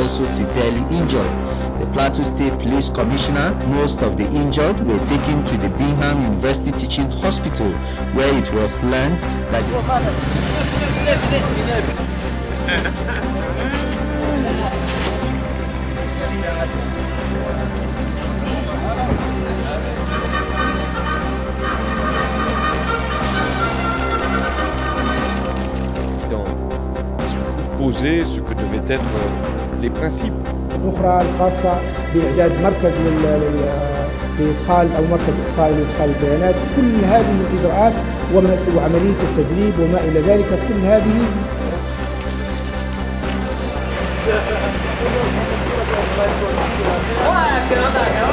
also severely injured. The Plateau State Police Commissioner, most of the injured were taken to the Bingham University Teaching Hospital, where it was learned that. poser ce que devaient être euh, les principes. الأخرى الخاصة بإعداد مركز لإدخال أو مركز إحصائي لإدخال البيانات كل هذه الإجراءات وعملية التدريب وما إلى ذلك كل هذه